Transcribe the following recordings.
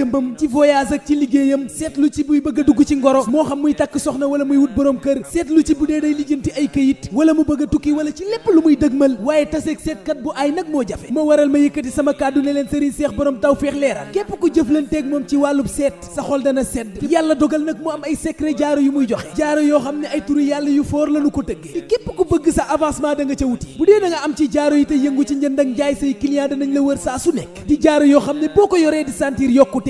jëmbam ci voyage ak ci liggéeyam seetlu ci buy bëgg dugg ci ngoro moo xam muy takk soxna wala muy wut borom kër seetlu ci bu dee day lijjanti ay këyit wala mu bëgg tukki wala ci lépp lu muy dëgmal waaye taseeg seetkat bu ay nag moo jafe ma waral ma yëkkati sama kàddu ne leen sëriñ seex borom taw feex leeral képp ku jëflanteeg moom ci wàllub seet sa xol dana sedd yàlla dogal nag mu am ay secret jaaro yu muy joxe jaaro yoo xam ne ay turu yàlla yu foor lanu ko tëggee képp ku bëgg sa avancement da nga wuti bu dee am ci jaaro yi te yëngu ci njënd ak njaay say client danañ la wër saa su nekk jaaro yoo xam ne boo ko yoree di sentir yokkute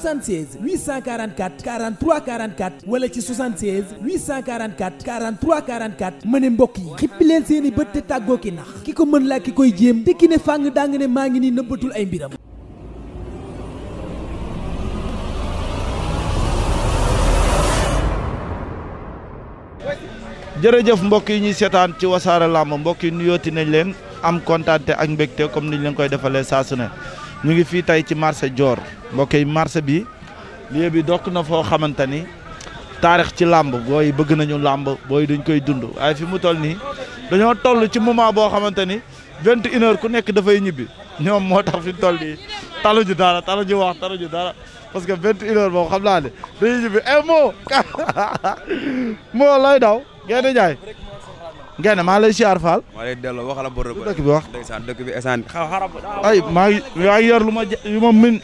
76 844 43 44 wala ci 76 844 43 44 ma ne mbokk yi xippi seeni bët te tàggoo ki nax ki ko mën laa koy jéem te ki ne fàng daa nga ne maa ngi ay mbiram. jërëjëf mbokk yi ñuy seetaan ci wasaare làmb mbokk yi nuyooti nañ leen am kontaan ak mbégte comme niñ leen koy defalee saa su ne. ñu ngi fii tey ci marché joor mbokk yi marché bi lieu bi dokk na foo xamante ni taarix ci làmb booy bëgg nañu làmb booy dañ koy dund waaye fi mu toll nii dañoo toll ci moment boo xamante ni vingt une ku nekk dafay ñibbi ñoom moo tax fi mu toll nii taluñu dara taluñu wax taluñu dara parce que vingt une heure xam naa ne dañuy ñibbi eh moo lay daw Gaynde Njaay Gaynde maa lay siyaar Fall. maa lay delloo waxal a borom dëkk bi wax. ndeysaan dëkk bi esaan ay maa ngi yaa ngi yor lu ma lu ma min.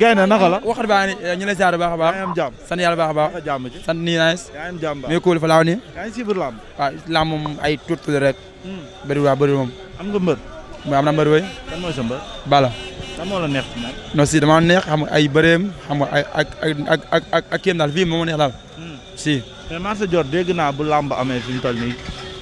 Gaynde naka la. waxtu baa ñu lay siyaar baax a baax. yaa ngi am jàmm sant yàlla baax a baax. sant nii naa yaa ngi am jàmm baax. mais kóol fa laaw nii. yaa ngi siibir lamb. waaw lamb moom ay tuut tuut rek. Hmm. bëri waa bëri moom. am nga mbër. am na mbër way. kan mooy sa mbër. Bala. lan moo la neex ci nag. non si damaa neex xam nga ay bëreem xam nga ay ak ak ak ak ak kéem daal fii moo ma neex daal. Hmm. si. mais Marché Dior dégg naa bu lamb amee fi ñu toll nii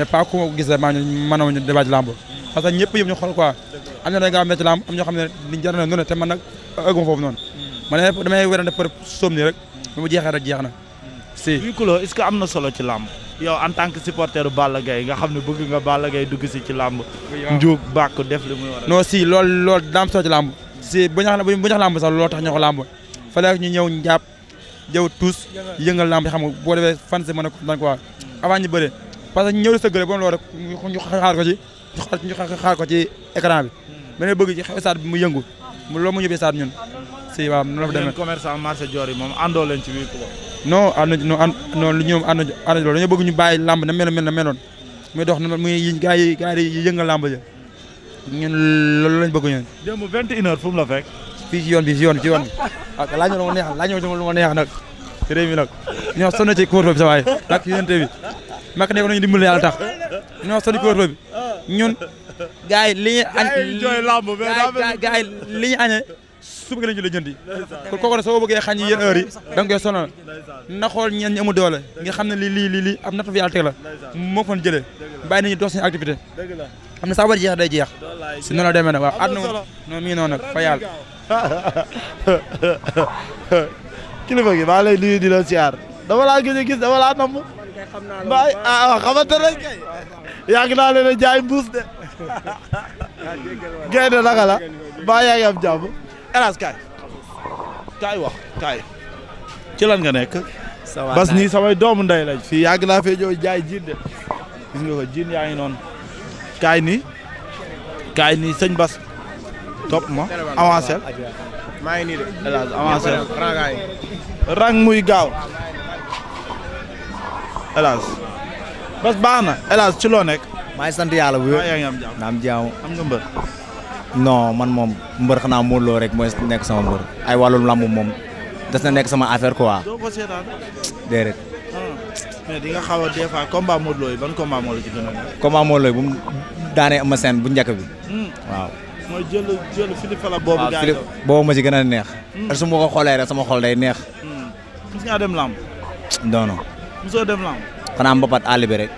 mais pas ku ma gis rek maa ñu mënoo ñu débat ci làmb parce que ñëpp yëpp ñu xool quoi am na da ngaa métti làmb am ñoo xam ne liñ jar na noonu te man nag ëgguma foofu noonu ma ne damay werante par soom nii rek ba jeexee rek jeex na si huis daam solo ci làmb si bu ñax bu ñax làmb sax tax ñoo ko fan si mën a kontaan quoi avant parce que ñëw na sa gërëm ba mu ñu xaar ko ci bi. mais hmm. dañoo bëgg ci xew mu yëngu mu loolu mu ñëwee stade ñun. Ah, si waaw noonu la fa demee yéen commerçant moom àndoo leen ci biir Couba. non ànd bëgg ñu bàyyi lamb na meloon na meloon muy dox muy gars yi gars yi yëngal ñun loolu lañ bëgg ñun. démb vingt et une heures fu mu la fekk. fii ci yoon bi ci yoon ci yoon bi ak ah, laaj ma lu ma neex laaj ma lu ci courte bi Macky ne ko nañu dimbali yàlla tax non sori couvre-feu bi ñun gars yi li ñu añ gars yi li ñu añee suba lañu la jëndi kon kooku nag soo bëggee xañ yi yéen heure yi da nga koy sonal na xool ñeen ñi amul doole nga xam ne lii lii lii lii am natt fi yàlla teg la moo ko fan jëlee bàyyi nañu dox seen activité am na saa war jeex la demee nag waaw àdduna noonu mi ngi noonu nag fa yàlla kilifa gi maa lay nuyu di la siyaar a gis mbaay ah xamante nañ kay yàgg naa leen jaay mbuus de génn naka la mbaa yaa ngi am jàmm Elhadj kaay kaay wax kaay ci lan nga nekk bas nii samay doomu ndey lañ fii yàgg naa fee jaay jiin de jiin yaa ngi noonu kaay nii kaay nii sëñ bas topp ma avancé maa ngi nii rang muy gaaw Elaj bas baax na ci loo nekk. maa sant yàlla bu wér am jàmm naam jaamu non man moom mbër xanaa Modou Lo rek mooy nekk sama mbër ay wàllum lamb moom des na nekk sama affaire quoi. Ah. di nga xaw a des fois combat Modou Lo yi a nekk. bu daanee ama seen bu njëkk bi. Hmm. waaw. mooy boobu. waaw Philippe ma ci gën a neex. Hmm. su ma ko xoolee rek sama xol day neex. Hmm. gis mosoo def lamb. xanaa mbapat àll rek.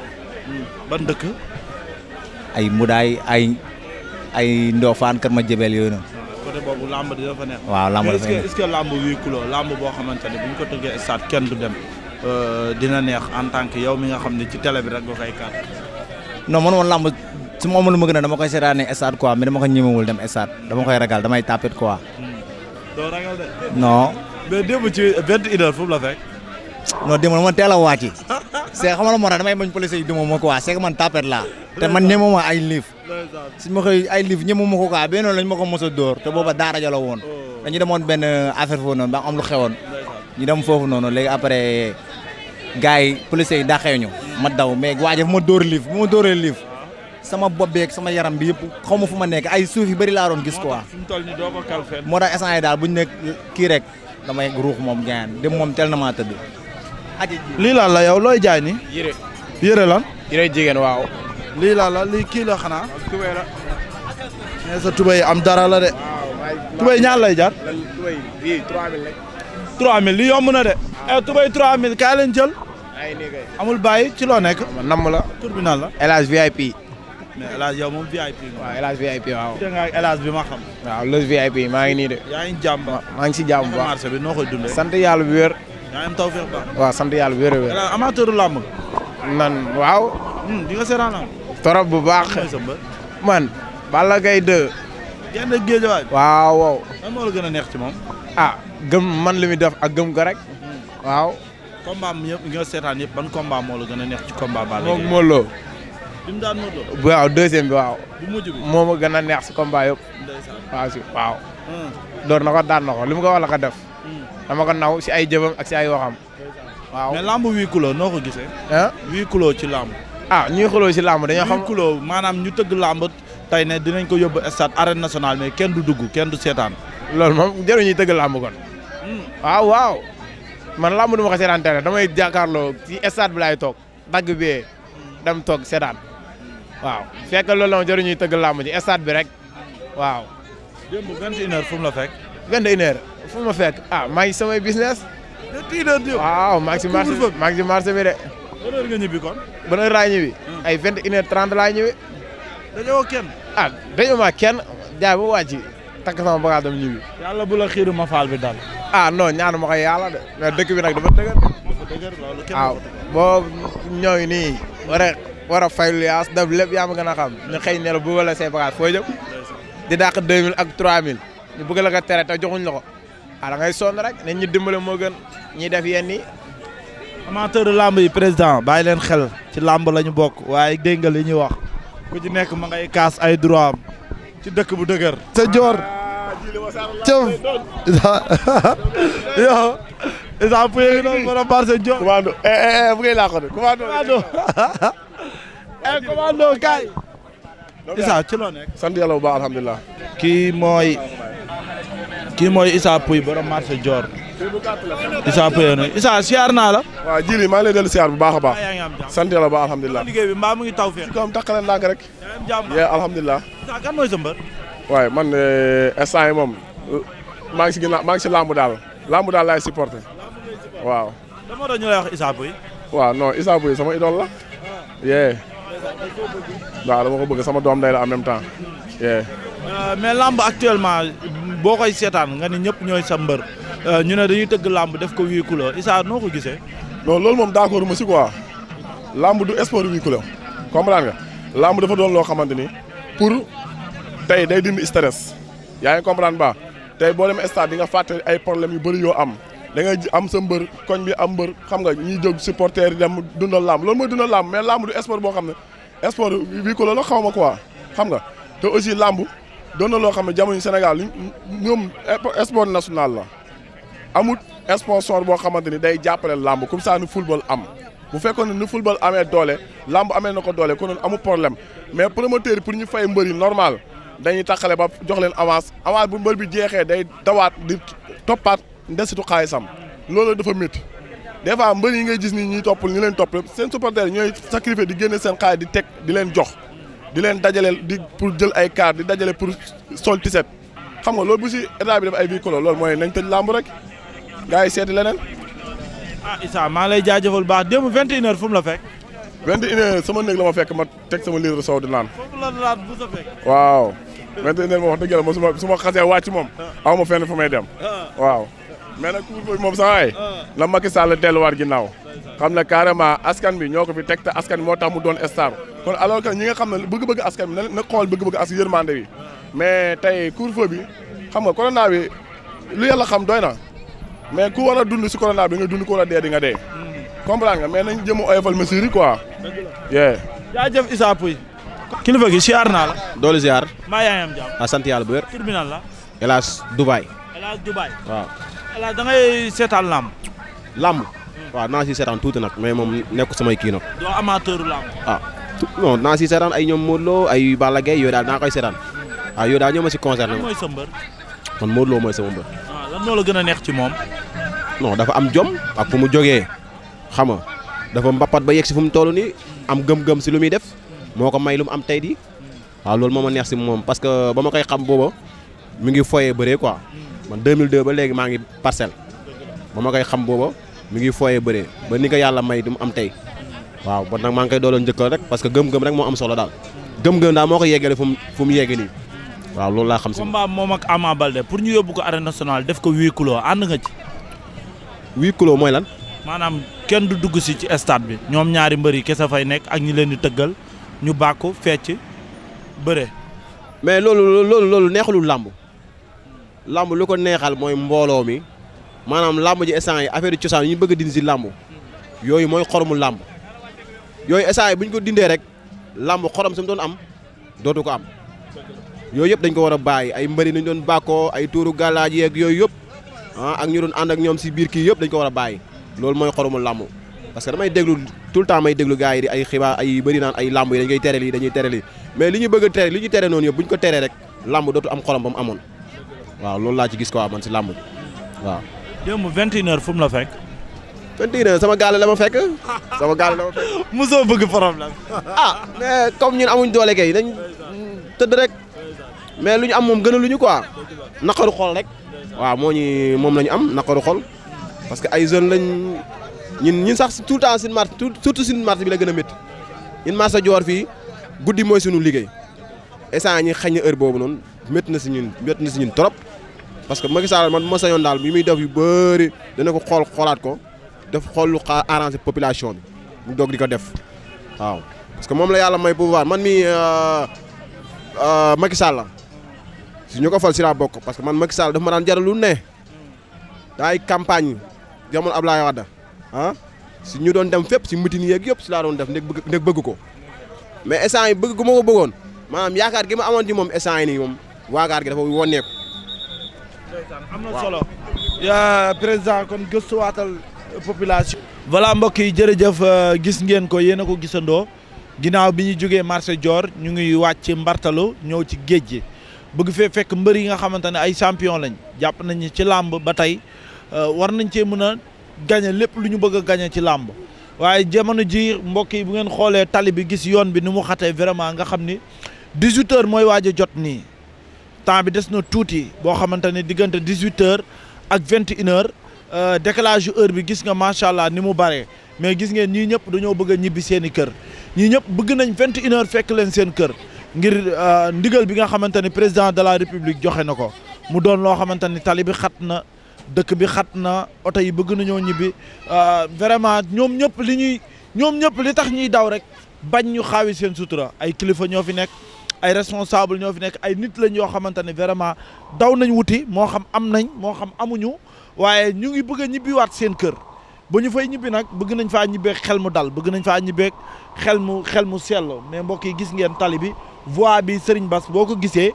Hmm. ban dëkk. ay mudaay ay ay Ndofane Kër ma jëbel yooyu noonu. Ah, côté boobu lamb di dafa neex. waaw lamb dafa neex est-ce que lamb wii kuloo lamb boo xamante ne bu ñu ko tëggee stade kenn du dem euh, dina neex en tant que yow mi nga xam ne ci télé bi rek nga koy kàtt. non man woon lamb su ma amoon lu ma gën a dama koy seetaanee stade quoi mais dama ko ñemewul dem stade dama koy ragal damay tapet quoi. Hmm. doo ragal de. non. mais démb ci vingt une heure fu mu la fekk. non démb dama teel a wàcc c'est xam nga moo tax damay bañ police yi duma ma ko waa c'est que man tapet laa te man ñemuma ay liif suñ ma koy ay liif ñemuma ko quoi benn lañ ma ko mos door dóor te booba daara la woon ñu demoon benn affaire foofu noonu ba am lu xewoon ñu dem foofu noonu léegi après gars yi police yi dàqee ma daw mais waaje fu ma door liif bu ma dóoree liif sama bopp beeg sama yaram bi yëpp xaw ma fu ma nekk ay suuf yu bëri laa doon gis quoi moo tax instant yi daal buñ nekk kii rek damay ruux moom gaan dem moom tel na maa tëdd lii lan la yow looy jaay ni yére yére lan. yére jigéen waaw. lii lan la lii kii la xanaa. tubéy sa tubéy am dara la de. tubéy ñaar lay jaar. tubéy bii li yomb na de. waaw eh, tubéy 3000 kaay leen jël. amul bàyyi ci loo nekk. namm la tur bi nan la. El Hadj VIP. mais El Hadj yow moom VIP. waaw El Hadj VIP waaw. bi maa ngi nii de. yaa maa ngi si jàmm bu baax marché sant yàlla yaa am tawfeex ba. waaw sant yàlla wéer a wéer. waaw. Hmm, di nga torop bu baax. man. Balla Gaye 2. genn géejawaay. waaw waaw. a neex ci moom. ah gëm man li muy def ak gëm ko rek. Hmm. waaw. combat am yëpp nga seetaan yëpp la gën a neex ci combat Balla daan moo loo. waaw deuxième bi waaw. neex si combat hmm. na ko daan na ko li mu ko def. dama ko naw si ay jëfam ak si ay waxam. waaw mais lamb huis clos noo ko gisee. ah huis ci lamb. a ñuy xuloo si lamb dañoo xam huis maanaam ñu tëgg lamb tey ne dinañ ko yóbb stade arène nationale mais kenn du dugg kenn du seetaan. lool moom jarul ñuy tëgg lamb kon. Hmm. waaw waaw. man lamb du ma ko seetaan teel damay jàkkaarloo ci stade bi laay toog dagg bee dem toog seetaan waaw fekk loolu la ma jarul ñuy tëgg lamb ci stade bi rek waaw. démb 21h fu mu la fekk. 21h. fu ma fekk ah maa ngi samay business. waaw maa ngi si bi de. ban laa ñibbi. Ah. ay vingt une heure trente laa ñibbi. dañoo kenn. ah dañoo maa kenn jaay ba wàcc takk sama bagage dem ñibbi. yàlla bu la xiiru ma bi dal. ah non ñaanu ma ko de mais dëkk bi nag dafa dëgër. waaw ah, boo ñëw nii war a war a fay lu yaas daf lépp yaa ma gën a xam ñu xëy ne la bu la say bagage foo ak trois mille ñu bëgg la ko te joxuñ la ko. ah da ngay rek nañ ñu dimbale moo gën ñi def yenn yi. amateur de làmb yi président bàyyi leen xel ci làmb la ñu bokk waaye dégg nga li ñuy wax ku ci nekk ma ngay kaas ay droit ci dëkk bu dëgër. sa joor cëf Isa Pouye ngi doon borom Barça Diop. commando eh, eh, eh, bu ngay laa Isa ci loo nekk. sant yàlla bu baax alhamdulilah. mooy. kii mooy Issa Pouy borom marché Dior. Issa siyaar naa la. waaw jili maa ngi lay siyaar bu baax a baax. sant yàlla ba alhamdulilah. liggéey mu ngi taw fii. ci kawam takkale ndànk rek. yee alhamdulilah. sa waaye man eh, instant yi moom maa ngi si ginnaaw làmb daal làmb daal lay wax Issa Pouy. waaw non Issa sama idole la. yee. waaw dama ko bëgg sama doom day la en même yee. Euh, mais làmb actuellement boo koy seetaan nga ni ñëpp ñooy sa mbër euh, ñu ne dañuy tëgg làmb def ko huis clos Issa noo ko gisee. non loolu moom d'accord ma si quoi làmb du sport huis clos comprendre nga làmb dafa doon loo xamante ni pour tey day dindi stress yaa ngi comprendre ba tey boo demee stade di nga fàtte ay problèmes yu bëri yoo am. da ngay am sa mbër koñ bi am mbër xam nga ñiy jóg supporter yi dem dundal làmb loolu mooy dundal làmb mais làmb du sport boo xam ne sport bi ko xaw ma quoi xam nga te aussi làmb doon na loo xam ne jamono Sénégal ñoom sport national la amut sponsor boo xamante ni day jàppale làmb comme ça nu am bu fekkoon ne nu football amee doole làmb amee na ko doole konoon amul problème mais promoteur pour ñu fay mbër yi normal dañuy taxale ba jox leen avance avance bu mbër bi jeexee day dawaat di toppaat ndesitu xaalisam loolu dafa métti des fois mbër yi ngay gis ni ñuy topp ñu leen topp seen supporter ñooy sacrifier di génne seen xaalis di teg di leen jox. di leen dajaleel di pour jël ay car di dajale pour sol ti set xam nga loolu bu si état def ay véhicules lool mooy nañ tëj làmb rek gars yi seeti leneen. ah Issa maa ngi lay jaajëfal baax démb 21h fu mu la fekk. 21h sama néeg la ma fekk ma teg sama litre soow di naan. foofu la waaw 21h ma wax dëgg yàlla moom su ma su ma xasee moom. aw ma fenn fu may dem. Ah. waaw mais nag couvre-feu moom sax waaye. Ah. la Macky Sall delluwaat ginnaaw. xam ne carrément askan bi ñoo ko fi teg te askan bi tax mu doon star. kon alors que ñi nga xam ne bëgg-bëgg askan bi na xool bëgg-bëgg askan yërmande bi mais tey couvre-feu bi xam nga corona bi lu yàlla xam doy na mais ku war a dund si corona bi nga dund ku war a dee di nga dee. comprendre nga mais nañ jëm a oyofal mesure yi quoi. dëgg la jaajëf Issa Pouye. kilifa gi siyaar naa la. doole siyaar. maa yaayam bu wér. tribunal la. hélas Dubaay. hélas Dubaay. waaw. hélas da ngay seetaan làmb. làmb. waaw naa si seetaan tuuti nag mais moom nekk samay kii nag. doo amateuru làmb. ah. non naa si seetaan ay ñoom Modou Lo ay Balla Gaye yooyu daal naa koy seetaan waaw ah, yooyu daal ñoo si concerné sa mbër man Modou Lo mooy sama mbër ah, lan moo la gën a neex ci moom non dafa am jom ak fu mu jógee xam nga dafa mbappat ba yeg si fu mu toll nii am gëm-gëm si lu muy def moo ko may lu mu am tey di waaw loolu moo ma neex si moom parce que ba ma koy xam booba mu ngi foyee bëree quoi man 2002 ba léegi maa ngi parcelle ba ma koy xam booba mu ngi foyee bëree ba ni ko yàlla may du mu am tey waaw bon nag maa ngi koy dooloon njëkkal rek parce que gëm-gëm rek moo am solo daal gëm-gëm daal moo ko yeggale fu mu fu mu yegg nii waaw loolu laa xam si combat moom ak Ama Baldé pour ñu yóbbu ko arène nationale def ko huis clos ànd nga ci huis clos mooy lan maanaam kenn du dugg si ci stade bi ñoom ñaari mbër yi kese fay nekk ak ñi leen di tëggal ñu bàkku fecc bëre mais loolu loolu loolu neexalul làmb làmb lu ko neexal mooy mbooloo mi maanaam làmb ji instant yi affaire cosaan yi bëgg a si làmb yooyu mooy xormu làmb yooyu essai bu ñu ko dindee rek làmb xorom sam doon am dootu ko am yooyu yëpp dañ ko war a bàyyi ay mbëri nañ doon bàkkoo ay tuuru gàllaaj yeeg yooyu yëpp ah ak ñu doon ànd ak ñoom si biir kii yëpp dañ ko war a bàyyi loolu mooy xoromu làmb parce que damay déglu tout le temps may déglu gars yi di ay xibaar ay bëri naan ay làmb yi dañ koy tere lii dañuy tere lii mais li ñu bëgg a tere li ñu tere noonu yëpp bu ñu ko teree rek làmb dootu am xorom ba mu amoon waaw loolu laa ci gis quoi man si làmb waaw. démb 21h fu mu 21 sama gaale la ma fekk sama gaale la ma fekk. mosoo bëgg problème. ah mais comme ñun amuñ doole kay dañ tëdd rek mais lu ñu am moom gënaluñu quoi naqaru xol rek waaw moo ñu moom la ñu am naqaru xol parce que ay jeunes lañ ñun ñun sax tout le temps suñu marché surtout suñu marché bi la gën a métti ñun marché Joor fii guddi mooy suñu liggéey instant ñi xañ na heure boobu noonu métti na si ñun métti na si ñun trop parce que Macky Sall man bu ma sañoon daal bi muy def yu bëri dana ko xool xoolaat ko. def xool lu arrangé population bi ñu doog di ko def waaw parce que moom la yàlla may pouvoir man mi euh, euh, Macky Sall si ñu ko fal si laa bokk parce que man Macky Sall dafa ma daan jaral lu ne daay campagne jamono Abdoulaye Wade ah si ñu doon dem fépp si mitin yeeg yëpp si laa doon def ndeg bëgg ndeg bëgg ko mais essence yi bëgg gu ma ko bëggoon maanaam yaakaar gi ma amoon moom essence yi nii moom waakaar gi dafa woneeku. population. voilà mbokk yi jërëjëf euh, gis ngeen ko yéen a ko gisandoo ginnaaw bi ñu jógee marché joor ñu ngi wàcc mbartalu ñëw ci géej gi bëgg fee fekk mbër yi nga xamante ne ay champion lañ jàpp nañu ci làmb ba tey euh, war nañ cee mën a gañe lépp lu ñu bëgg a gañe ci làmb waaye jamono ji mbokk yi bu ngeen xoolee tali bi gis yoon bi ni mu xatee vraiment nga xam ni 18 heures mooy waaja jot nii temps bi des na tuuti boo xamante ne diggante 18 heures ak 21 heures. Euh, décalage yu heure bi gis nga macha allah ni mu bare mais gis ngeen ñii ñëpp dañoo bëgg a ñibbi seeni kër ñii ñëpp bëgg nañ vingt une fekk leen seen kër ngir euh, ndigal bi nga xamante ni président de la république joxe na ko mu doon loo xamante ni tali bi xat na dëkk bi xat na oto yi bëgg nañoo ñibbi euh, vraiment ñoom ñëpp li ñuy ñoom ñëpp li tax ñuy daw rek bañ ñu xaawi seen sutura ay kilifa ñoo fi nekk. ay responsable ñoo fi nekk ay nit lañ yoo xamante ne vraiment daw nañ wuti moo xam am nañ moo xam amuñu waaye ñu ngi bëgg a ñibbiwaat seen kër ba ñu fay ñibbi nag bëgg nañ faa ñibbeek xel mu dal bëgg nañ faa ñibbeek xel mu xel mu sell mais mbokk yi gis ngeen tali bi voie bi Serigne Bass boo ko gisee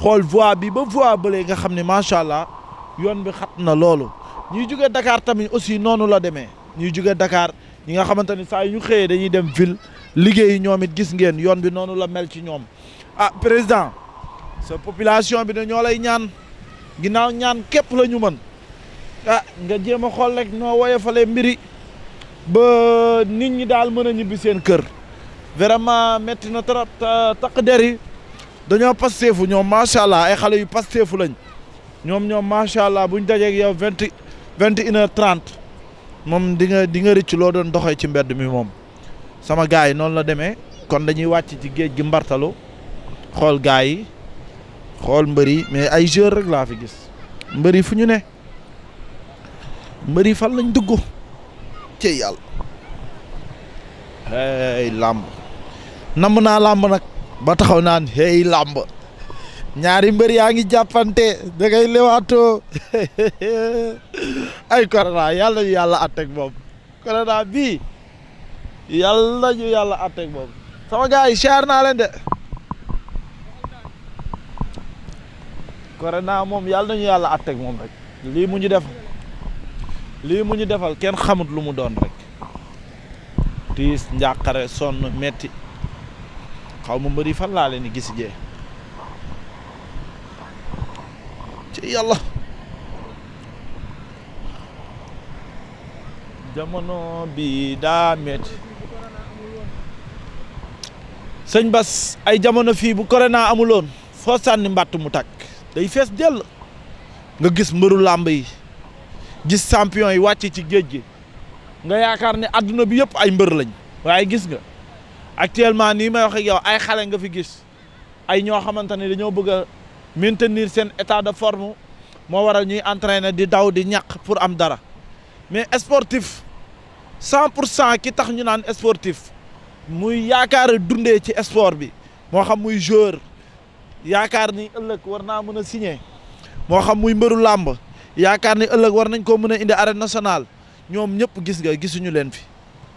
xool voie bi ba voie bële nga xam ne macha allah yoon bi xat na loolu ñuy jugee dakaar tamit aussi noonu la demee ñuy jugee dakaar ñi nga xamante ni saa yu ñu xëyee dañuy dem ville liggéey ñoom it gis ngeen yoon bi noonu la mel ci ñoom ah président sa population bi na ñoo lay ñaan ginnaaw ñaan képp la ñu mën. ah nga jéem a xool rek noo woyofalee mbiri ba nit ñi daal mën a ñibbi seen kër vraiment métti na trop takk der yi dañoo pasteefu ñoom macha allah ay xale yu pasteefu lañ ñoom ñoom macha allah bu buñ dajeeg yow vingt vingt une heure moom di nga di nga rëcc loo doon doxee ci mbedd mi moom sama gars yi noonu la demee kon dañuy wàcc ci géej gi mbartalu xool gars yi xool mbër yi mais ay joueurs rek laa fi gis mbër yi fu ñu ne. mbër yi fan lañ dugg ci yàlla hey làmb namm naa làmb nag ba taxaw naan hey làmb ñaari mbër yaa ngi jàppante da ngay lewaatoo ay corona yàlla ñu yàlla àtteeg moom corona bii yàlla ñu yàlla ateg moom sama gars yi siyaar naa leen de corona moom yàlla nañu yàlla àtteeg moom rek lii mu ñu def lii mu ñu defal kenn xamut lu mu doon rekk tiis njàqare sonn metti xaw ma mbëri fan laa leen di gis jee ci yàlla jamono bi daa metti sëñ Bas ay jamono fii bu naa amuloon foo sànni mbàtt mu takk day fees jël nga gis mbëru làmb yi gis champion yi wàcc ci géej gi nga yaakaar ne adduna bi yëpp ay mbër lañ waaye gis nga actuellement nii may wax yow ay xale nga fi gis ay ñoo xamante ne dañoo bëgg a maintenir seen état de forme moo waral ñuy entraîner di daw di ñàq pour am dara mais sportif cent pour cent ki tax ñu naan sportif muy yaakaar dundee ci esport bi moo xam muy joueur yaakaar ni ëllëg war naa mën a signer moo xam muy mbëru làmb yaakaar ni ëllëg war nañ koo mën a indi arène nationale ñoom ñëpp gis nga gisuñu leen fi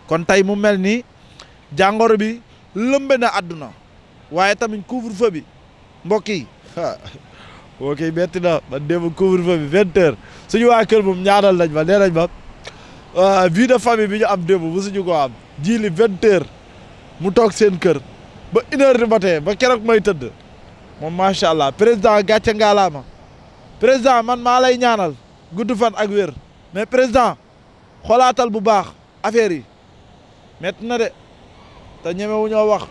kon tey mu mel ni jàngoro bi lëmbe na àdduna waaye tamit couvre-feu bi mbokk yi boo koy metti na man démb couvre-feu bi suñu waa kër moom ñaanal nañ ma nee nañ ma ah, vi de famille bi ñu am démb bu suñu ko am ji li mu toog seen kër ba une heure du matin ba keroog may tëdd moom macha allah président gàcce ngaalaama président man maa lay ñaanal gudd fan ak wér mais président xoolaatal bu baax affaire yi métti na de te ñemewu ñoo wax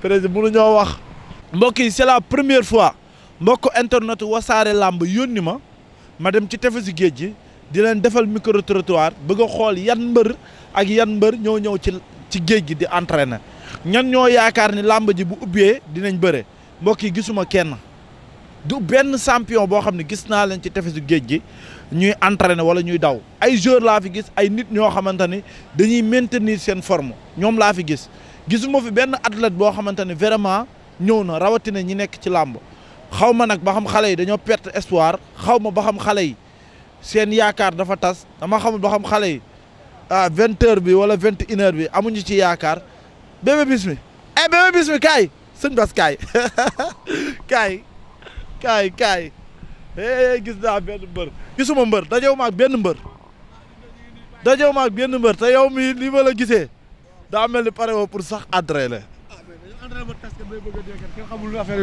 président mënu ñoo wax mbokk yi c'est la première fois mbokk internet saare làmb yónni ma ma dem ci tefesu géej gi di leen defal micro trottoir bëgg xool yan mbër ak yan mbër ñoo ñëw ci ci géej gi di entraîner ñan ñoo yaakaar ni làmb ji bu ubbee dinañ bëre mbokk yi gisuma kenn du benn champion boo xam ne gis naa leen ci tefesu géej gi ñuy entraîner wala ñuy daw ay joueurs laa fi gis ay nit ñoo xamante ni dañuy maintenir seen forme ñoom laa fi gis gisuma fi benn athlète boo xamante ne vraiment ñëw na rawatina ñi nekk ci làmb xaw ma nag ba xam xale yi dañoo perte espoir xaw ma ba xam xale yi seen yaakaar dafa tas dama xamul ba xam xale yi ah vingt heures bi wala vingt une heure bi amuñu ci yaakaar Bébé Bismi eh Bébé Bismi kaay sëñ Bas kaay kaay eh, gis naa benn mbër gisuma mbër dajew maag benn mbër dajew maag benn mbër te yow mii li ma la gisee daa mel ni pare woo pour sax entraîné la. Ah, dañoo entraîné ba tas bay bëgg a dee kenn xamul lu affaire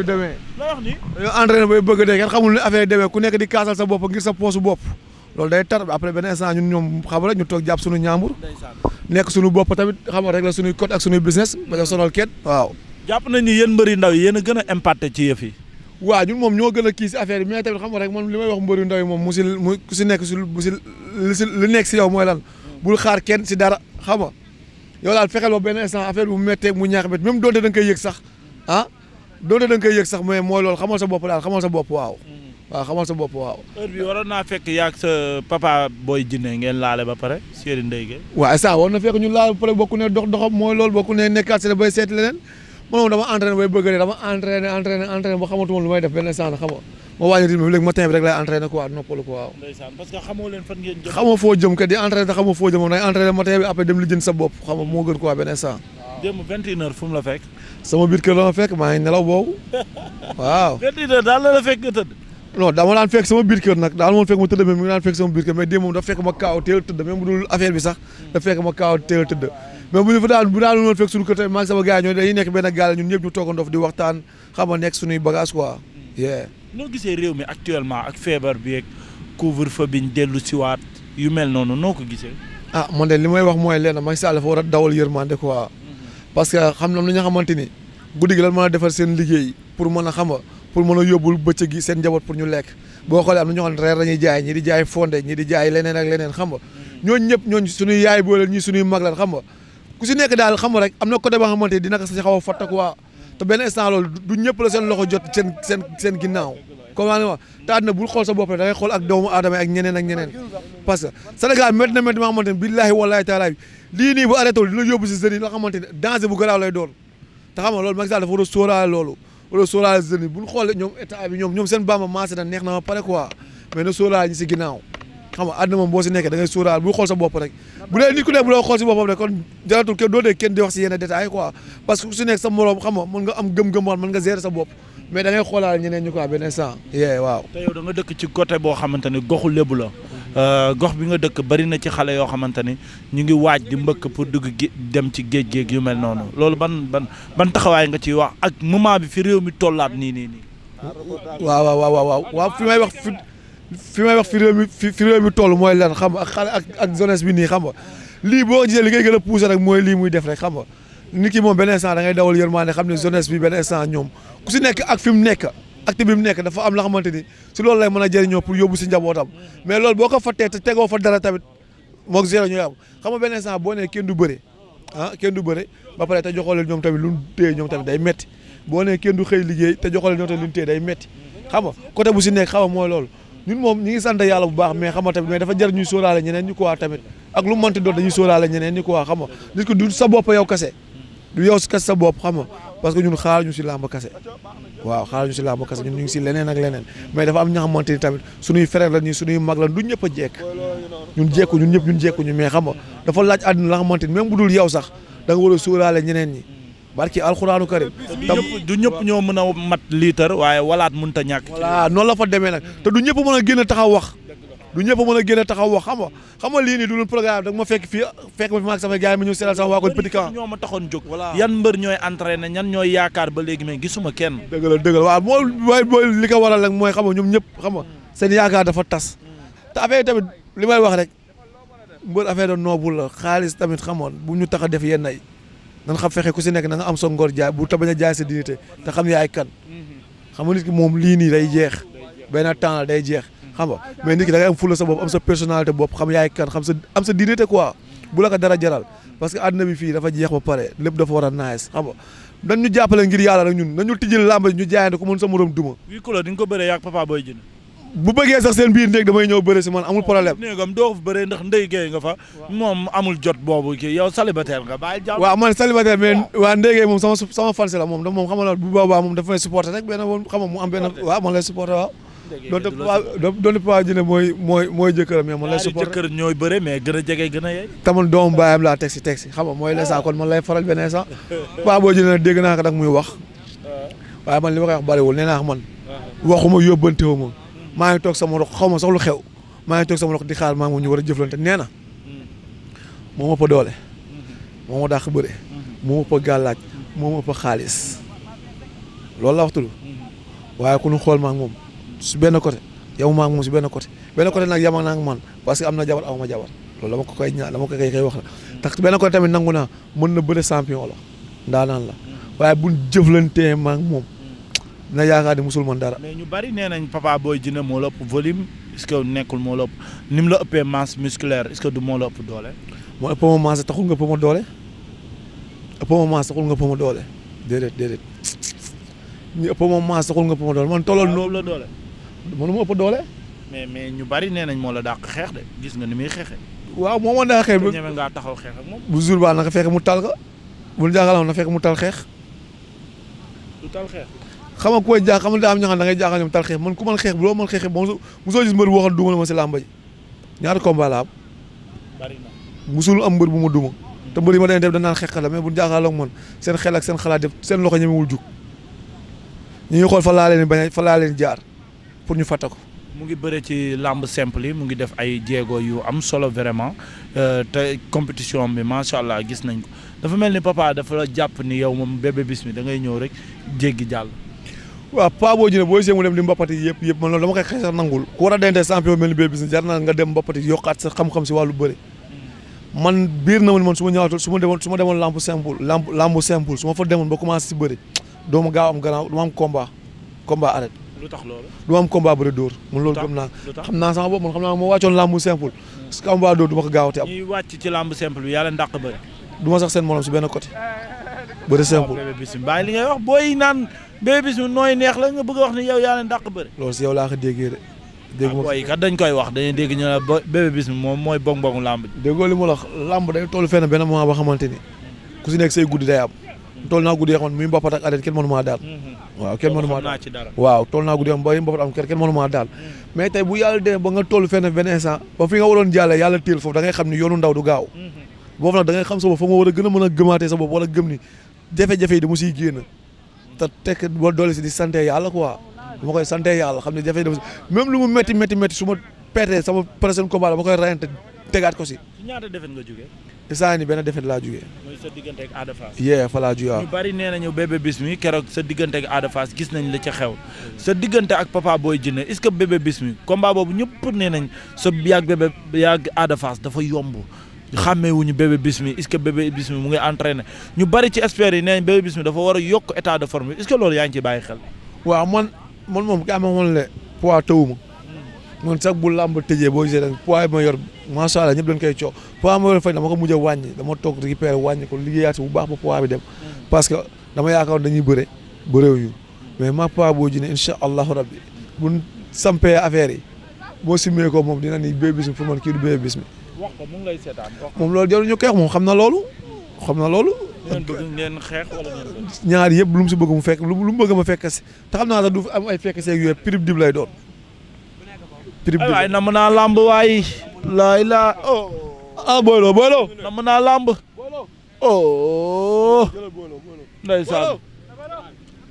yu demee. dee ku nekk di kaasal sa bopp ngir sa poosu bopp loolu day tar après benn instant ñun ñoom xam rek ñu toog jàpp suñu ñaambur nekk sunu bopp tamit xam rek la suñuy code ak suñuy business ba def sonal kenn waaw. jàpp nañ ni yéen mbëri ndaw yi yéen a gën a impacté ci yëf yi waa ñun moom ñoo gën a kii si affaire bi mais xam rek man li may wax mbëri ndaw moom mu si mu si nekk si mu si lu nekk si yow mooy lan bul xaar kenn si dara xam nga yow fexeel ba benn bu méttee mu ñaax métti même doonte da nga koy yëg sax ah doonte da nga koy yëg sax mooy loolu xamal sa bopp daal xamal sa bopp waaw mm-hmm. waaw xamal sa bopp waaw heure bi waroon naa fekk yaag sa papa booy laale ba pare Serigne Ndeye Gueye waaw ça war na fekk ñu laale ba pare bokku ne dox doxam mooy loolu bokku ne nekkaat si bay seet leneen man moom dama entraîné bay bëgg dama entraîné entraîné ba xamatuma lu may def benn instant xam ma wàññi rythme bi léegi matin bi rek bi après dem li jën sa bopp xam nga moo gën quoi benn instant. démb mu biir kër nag daal moom fekk ma tëdd mais mi dul affaire bi sax dafa ma kaaw teel tëdd mais bu ñu fa daan bu daan woon fekk suñu côté man sama gars ñoo dañuy nekk benn gaal ñun ñëpp ñu toogandof di waxtaan xam nga nekk suñuy bagage quoi. noo gisee réew mi actuellement ak feebar bi ak couvre-feu bi ñu dellu si waat yu mel noonu noo ko gisee. ah man de li may wax mooy lenn Macky Sall dafa war a dawal yërmande quoi. parce que xam na lu ñu xamante ni guddi gi lan mën a defar seen liggéey pour mën a xam pour mën a yóbbul bëccëg gi seen njaboot pour ñu lekk boo xoolee am na ñoo xam ne reer dañuy jaay ñi di jaay fonde ñi di jaay leneen ak leneen xam nga mm-hmm. ñooñu ñëpp ñooñu suñuy yaay boole ñi suñuy mag lan xam nga ku si nekk daal xam nga rek am na côté boo xamante dina ko si a fàtte quoi te benn instant loolu du ñëpp la seen loxo jot seen seen seen ginnaaw comme maa ngi wax te àddina bul xool sa bopp rek da ngay xool ak doomu aadama ak ñeneen ak xamante ne billaahi wallaahi taala la xamante ne a sóoraale loolu war a sóoraale jeunes yi bu ñu xoolee ñoom état bi ñoom ñoom seen bamba maase na neex na ma pare quoi mais na sóoraale ñi si xam nga àdduna moom boo si nekkee da ngay suuraal bu xool sa bopp rek bu dee nit ku nekk bu doo xool si boppam rek kon jaratul kenn xam nga mën nga am gëm-gëm waan mën mais euh, bi nga dëkk bari na ci xale yoo xamante ni ñu ngi waaj di mbëkk pour dugg dem ci géej géej yu mel noonu loolu ban ban ban taxawaay nga ciy wax ak moment bi fi réew mi tollaat nii nii nii waaw waaw waaw waaw fi may wax fi fi ma wax fi réew mi fi réew mi mooy lan xam nga ak xale ak ak bi nii xam nga lii boo gisee li ngay gën mooy lii muy def rek xam nga nit ki moom benn instant da ngay dawal yërmande xam ne jeunesse bi benn instant ñoom ku nekk ak fi mu nekk acte mu nekk dafa am la xamante ni si loolu lay mën a jëriñoo pour si njabootam mais loolu boo ko fa te tegoo fa dara tamit moog zéro ñooy am xam nga benn instant boo nee kenn du bëre ah kenn du bëre ba pare ñoom tamit lu téye ñoom day metti boo nee kenn du xëy liggéey te joxoo leen ñoom tamit lu téye day metti xam nga côté bu si nekk xam nga mooy loolu ñun moom ñu ngi sant yàlla bu baax mais xam nga tamit mais dafa jar ñuy sóoraale ñeneen ñu quoi tamit ak lu mënti doon dañuy sóoraale ñeneen ñu xam nga nit ko du sa bopp yow kase du yow sa bopp xam nga parce que ñun xaar ñu si làmb kase waaw xaar ñu si làmb kase ñu ngi si leneen ak leneen mais dafa am ña xamante ni tamit suñuy frère la ñuy suñuy mag ñëpp a jekk ñun jekku ñun mais xam nga dafa laaj àdduna la xamante ni bu dul yow sax da nga war a sóoraale ñeneen ñi barki alxuraanu karim du ñëpp ñoo mën a mat liitar waaye walaat mun ta ñàkk. voilà noonu la fa demee nag te du ñëpp mën a génn taxaw wax. du ñëpp mën a génn taxaw wax xam nga xam nga lii du lu programme dag ma fekk fii fekk ma fi maag sama gars yi ma ñëw seetal sama waa koñ petit camp ñoo ma taxoon ñan ñooy yaakaar ba léegi mais gisuma kenn dëgg la dëgg la moo mooy li ko waral nag mooy xam nga ñoom ñëpp xam nga seen yaakaar dafa tas te affaire tamit li may wax rek mbër affaire de noble la xaalis tamit xamoon bu ñu tax a def yenn ay nan xam fexe ku si nekk na nga am sa ngor jaay bu tabañ a jaay sa dignité te xam yaay kan xam nga nit ki moom lii nii day jeex benn temps la day jeex nga mais nit am sa bopp am sa xam yaay kan xam sa am sa dignité quoi bu la ko dara jaral parce que àdduna bi fii dafa jeex ba pare lépp dafa war a nice xam nga dañ ñu jàppale ngir yàlla rek ñun nañu tijjil làmb ñu jaayante ku mën sa morom duma. wii kolo di nga ko bëree yàgg Papa Boy Djiné bu bëggee sax seen biir néeg damay ñëw bëre si man amul oh, problème. néegam doo fa bëree ndax ndey gay nga fa. moom man célibataire mais waa ndey gay moom sama sama fanse la moom da moom xam nga moom xam nga mu am benn waaw man lay supporter waaw. donte papa donte papa ji ne mooy mooy mooy jëkkëram ñooy bëre mais gën a jege a yey baayam laa teg si teg si xam nga mooy lesaa kon man lay faral beneen sax papa boo ji ne dégg naa ko nag muy wax ah. waaye man wul ma koy wax bariwul nee naa man ah. waxuma yóbbante maa ngi toog sama rox xaw ma sax lu xew maa ngi toog sama rox di xaar maa ngi ñu war a jëflante nee na mm-hmm. moo ma ëpp doole mm-hmm. moo ma dàq bëre mm-hmm. moo ma ëpp gàllaaj xaalis loolu la waxtu waaye ku xool maa ngi moom su benn côté yow maa ngi moom yama naa man parce que am na jabar aw a jabar loolu dama ko koy ñaa dama ko koy koy wax la tax benn côté tamit nangu naa mën na bëre champion la ndaanaan la waaye buñ jëflantee maa ngi moom dina yaakaar ni musul mën dara. ñu bari nee nañ Papa Boy Djiné moo la ëpp volume est-ce nekkul moo la la ëppee masse musculaire est-ce que du moo doole. moo ëpp ma taxul nga ëpp ma ma masse nga ëpp doole déedéet déedéet ma masse nga ëpp ma doole man tolloo la doole. mënuma ëpp doole. mais mais ñu bari nee nañ moo la dàq xeex de gis nga ni muy xeexee. waaw moom moo dàq xeex bu ñeme taxaw xeex ak bu jour ba naka fekk mu tal ka bu jaaxal na fekk mu tal xeex. du tal xeex. xam nga koy jaax xam nga daa am ña xam da ngay jaaxal ñoom tal xeex man ku man xeex bu loo mën xeex moom mosoo gis mbër waxal duma la ma si làmba ji ñaata combat la am am mbër bu ma duma te mbër yi ma dee def danaan xeex la mais bu jaaxaloo ak seen xel ak seen xalaat def seen loxo ñemewul jug ñu ngi xool fa laa leen fa laa jaar pour ñu fàtte ko mu ngi bëre ci làmb simple yi mu ngi def ay jéego yu am solo vraiment euh, te compétition bi macha allah gis nañ ko dafa mel ni papa dafa la jàpp ni yow moom bébé bis mi da ngay ñëw rek jéggi jàll waaw pas boo jëlee boo gisee mu dem di mbappati yëpp yëpp man loolu dama koy xasee nangul ku war a dentee champion mel ni Bébé Bismi jar na nga dem mbappati yokkaat sa man biir na man su ma ñëwaatoon simple lamb lamb simple su simple su combat dóor du ma ko ma sax seen morom si benn côté bëri simple Bébé Bismi nooy neex la nga bëgg a wax ni yow yaa leen dàq bëri. loolu si yow laa ko déggee de. dégg nga waaye ah, kat dégg ñu moom maa daal. mais tey bu yàlla demee ba nga toll fenn benn instant ba fi nga waroon jàllee yàlla téel foofu da ngay xam ni yoonu ndaw du gaaw. Mm-hmm. boobu nag da xam sa bopp fa nga war a gën a mën a gëmaatee sa bopp wala gëm ni jafe-jafe yi da mu siy te tekk ba doole si di sant yàlla quoi dama koy sante yàlla xam ne jafe même lu mu métti métti su ma peetee sama prochain combat la ma koy rayante tegaat ko si. ñaata defet nga jógee. isaan yi benn defet laa jógee. mooy sa diggante ak Ada Fass. yee fa laa jógee waaw. keroog sa diggante ak Ada gis nañ la ca xew. sa diggante ak Papa Boy Djiné est-ce que Bébé Bismi combat boobu ñëpp nee nañ sa yàgg Bébé yàgg Ada Fass dafa yomb. xàmmee wuñu bébé bismi est-ce que bébé bismi mu ngi entraîné ñu bari ci experts yi nee bébé bismi dafa war yokk état de forme est loolu yaa ci bàyyi xel. waaw man man moom kaa ma woon le poids tawuma man sax bu làmb boo gisee ren poids ma yor macha allah ñëpp dañ koy coow poids ma yor fay dama ko mujj a wàññi dama toog récupérer wàññi bu baax ba poids bi dem. Mm. parce que dama yaakaar dañuy bëre bëreewuñu mais ma poids boo ji ne incha allahu rabbi buñ sampee affaire yi boo simmee ko moom dina ni bébé bismi fu wax ko mu ngi lay seetaan loolu jaruñu xeex moom xam na loolu xam na loolu. ngeen bëgg ngeen xeex ñaar yëpp lu si bëgg mu fekk lu mu bëgg ma fekk si te xam naa sax du am ay fekk seeg yooyu prib dib lay doon. prib dib waay nam naa làmb waay. laay laa oh. ah booloo booloo. nam naa lamb oh. ndeysaan.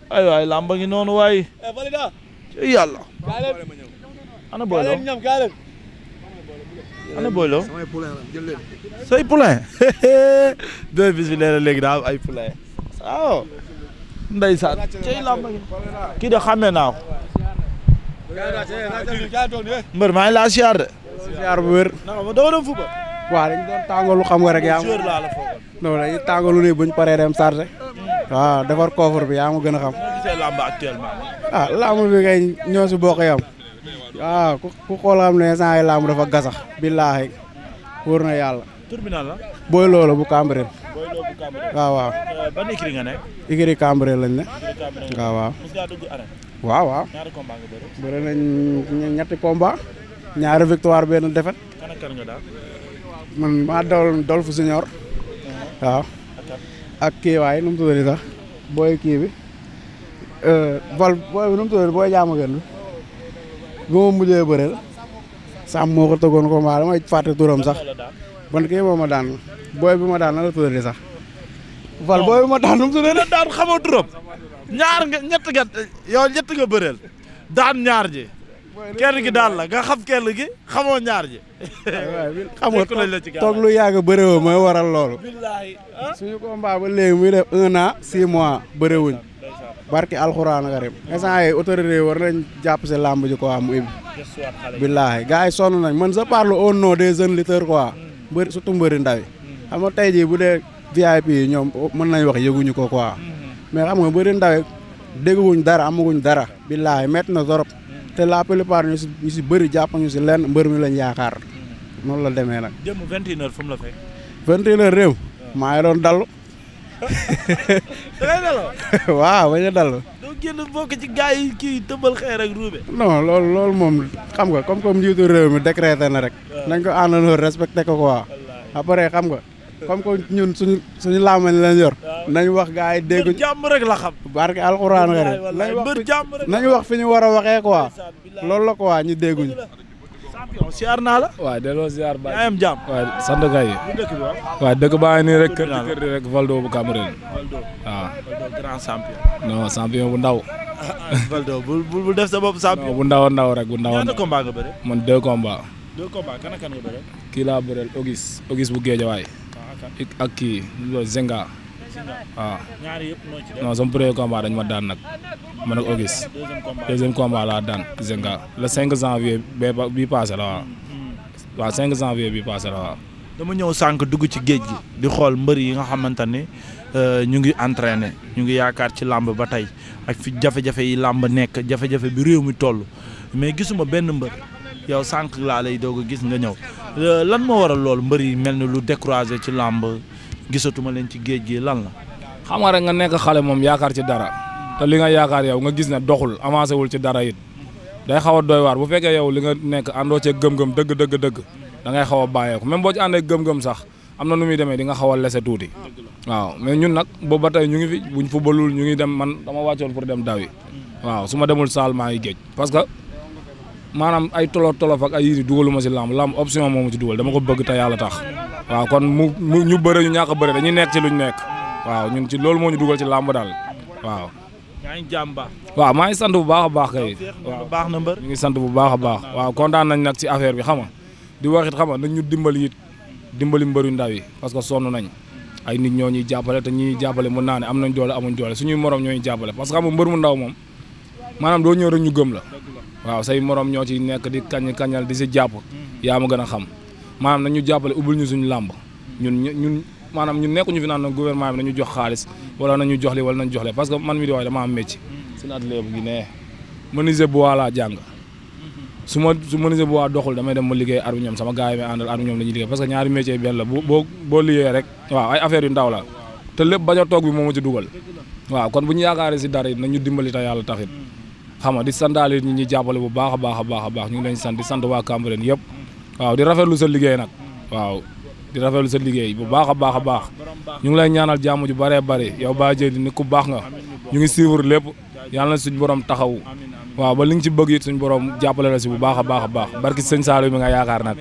ay làmb ngi noonu waay. Eh, ana booloo. ana booy loo samay poulain la bi léegi daa ay poulain waaw ndeysaan cey làmb kii de xàmmee naa ko maa ngi laa siyaar de siyaar bu wér naka ma dama doon fubal waaw dañ doon tàngoolu xam nga rek yaa non dañuy buñ paree dem chargé hmm. waaw defar koofur bi yaa gën a xam ah làmb bi kay ñoo si yam waaw ah, ku xool xam ne saa yi laamu dafa gasax billaahi wóor na yàlla. booy loola bu Cambérène. waaw waaw. Euh, ban écurie lañ ne. waaw waaw. mos ngaa dugg arène. waaw waaw. ñaari ñetti combat. ñaari victoire benn défaite. kan man maa dawal Dolph uh-huh. waaw. ak kii waay nu booy kii euh, vol booy bi nu mu booy jaamu gën bi. bi ma mujjee bëreel Sam moo ko tëggoon ko mbaa damay fàtte turam sax ban kii ma daan booy bi ma daan na la tuddati sax. val booy bi ma daan nu mu daan xamoo turam ñaar nga ñett nga yow ñett nga bëreel daan ñaar ji. kenn gi daal la nga xam kenn gi xamoo ñaar ji. xam nga toog lu yàgg bëréwoo mooy waral lool ah? suñu combat ba léegi muy def un an six mois bëréwuñ barke alxuraan karim instant yii autorité war nañ jàpp si làmb ji quoi mu billaahi gars yi sonn nañ man je parle au nom des jeunes lutteurs quoi mbëri surtout mbëri ndaw yi xam nga tey jii bu dee VIP yi ñoom oh, mën nañ wax yëguñu ko quoi mais xam nga bëri ndaw yi dégguñ dara amaguñ dara billaahi métti na trop te la plupart ñu si ñu si bëri jàpp ñu si lenn mbër mi lañ yaakaar noonu la demee nag. jëm 21h fu mu la fekk. 21 da ngay daloo. waaw bañ a daloo. doo génn bokk ci gars yi kii tëmbal xeer rek ruube. non loolu loolu moom xam nga comme comme njiitu réew mi décrété na rek. nañ ko àndandoo respecté ko quoi. après xam nga. comme que ñun suñu suñu laamañ lañ yor. nañ wax gars yi dégg. mbër jàmm rek la xam. barke alxuraan rek. nañ wax nañ wax fi ñu war a waxee waa loolu la waa ñu dégguñu. yow siyaar naa la. waaw delloo siyaar baa yaayam jaam. waaw sant kay. dëkk bi waaw rek kër rek Valdo bu Cameroun. Valdo waaw. Valdo bu ndaw. Valdo bu def sa bopp champion. bu ndaw ndaw rek bu ndaw. ñaata combat nga bëre. man Ogis Ogis bu Géejawaay. Ah, ak kii Zenga. waaw non sama premier combat dañ ma daan nag man ak Auguste deuxième combat laa daan Zenga le cinq janvier ba bii passé la waaw hmm. waaw cinq janvier bii passé la waaw dama ñëw sànq dugg ci géej gi di xool mbër yi nga xamante ni euh, ñu ngi entraîné ñu ngi yaakaar ci làmb ba tey ak fi jafe-jafe yi làmb nekk jafe-jafe bi réew mi toll mais gisuma benn mbër yow sànq laa lay doog gis nga ñëw euh, lan moo a loolu mbër yi mel ni lu découragé ci làmb gisatuma leen ci géej gi lan la. xam nga rek nga nekk xale moom yaakaar ci dara te li nga yaakaar yow nga gis ne doxul avancé wul ci dara it day xaw a doy waar bu fekkee yow li nga nekk àndoo cee gëm-gëm dëgg dëgg dëgg da ngay xaw a bàyyeeku même boo ci àndee gëm-gëm sax am na nu muy demee di nga xaw a lese tuuti waaw mais ñun nag boobu ba tey ñu ngi fi buñ fubalul ñu ngi dem man dama wàccoon pour dem dawi waaw su ma demul saal maa ngi géej parce que maanaam ay tolof tolof ak ay yiri dugaluma si làmb làmb option moomu ci dugal dama ko bëgg te yàlla tax waaw kon mu ñu bëre ñu ñàkk a bëre dañuy nekk ci ñu nekk waaw ñun ci loolu moo ñu dugal ci làmb daal waaw. yaa ngi waaw maa ngi sant bu baax a baax kay. waaw baax na mbër. ñu ngi sant bu baax a baax. waaw kontaan nañ nag ci affaire bi xam nga di wax it nañ ñu dimbali it dimbali mbëru ndaw yi parce que sonn nañ ay nit ñoo ñuy jàppale te ñi ñuy jàppale mën naa ne am nañ doole amuñ doole suñuy morom ñoo ñuy jàppale parce que xam nga mbër mu ndaw moom maanaam doo ñëw rek ñu gëm la waaw say moroom ñoo ci nekk di kañ kañal di si jàpp mm-hmm. yaa ma gën a xam maanaam nañu jàppale ubbul ñu suñu làmb ñun ñun maanaam ñun nekkuñu fi naan na gouvernement bi nañu jox xaalis wala nañu jox li wala nañu jox le parce que man mi di wax dama am métier suñu atelier bu jàng su ma su menuisier bois doxul damay dem ma liggéey arbi ñoom sama gars yi may àndal arbi ñoom la liggéey parce que ñaari métier benn la boo liggéey rek waaw ay affaire yu ndaw la te lépp bañ a toog bi moo ma ci dugal waaw kon bu ñu yaakaaree si dara it nañu dimbali te yàlla taxit xam nga di sandaale ñi jàppale bu baax a baax a baax a baax ñu ngi sant di sant waa Cambérène yëpp waaw di rafetlu sa liggéey nag waaw di rafetlu sa liggéey bu baax a baax a baax ñu ngi lay ñaanal jàmm ju bëree bëri yow Ba Dieng nit ku baax nga ñu ngi suivre lépp yàlla na suñu borom taxawu waaw ba li nga ci bëgg it suñu borom jàppale la si bu baax a baax a baax barki sëñ Saalum mi nga yaakaar nag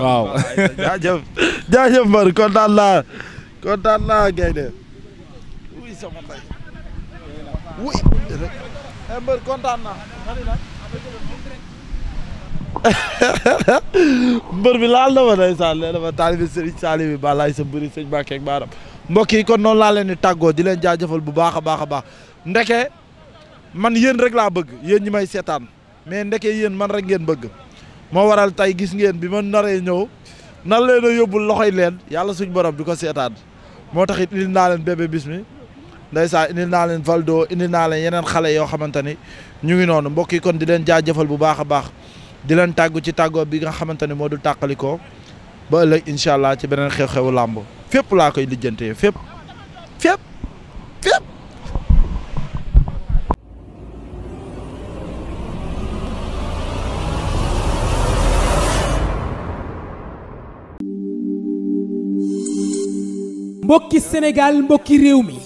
waaw. jaajëf jaajëf Mbari kontaan naa kontaan naa gaynde wuy sama mbay wuy. Eh, Mbër kontaan naa mbër mi laal na ma ndeysaan nee na ma taalibi Serigne Saliou bi balaay sa bëri sëñ Mbackeeg Baaram mbokk yi kon noonu laa leen di tàggoo di leen jaajëfal bu baax a baax a baax ndeke man yéen rek laa bëgg yéen ñi may seetaan mais ndeke yéen man rek ngeen bëgg moo waral tey gis ngeen bi ma naree ñëw nan leen a yóbbul loxoy leen yàlla suñ borom di ko seetaan moo tax it naa leen bébé bis mi ndeysaan indil naa leen Valdo indil naa leen yeneen xale yoo xamante ni ñu ngi noonu mbokk yi kon di leen jaajëfal bu baax a baax di leen tàggu ci tàggoo bi nga xamante ne moo du tàqalikoo ba ëllëg incha allah ci beneen xew-xewu làmb fépp laa koy lijjantee fépp fépp fépp. mbokki Sénégal mbokki réew mi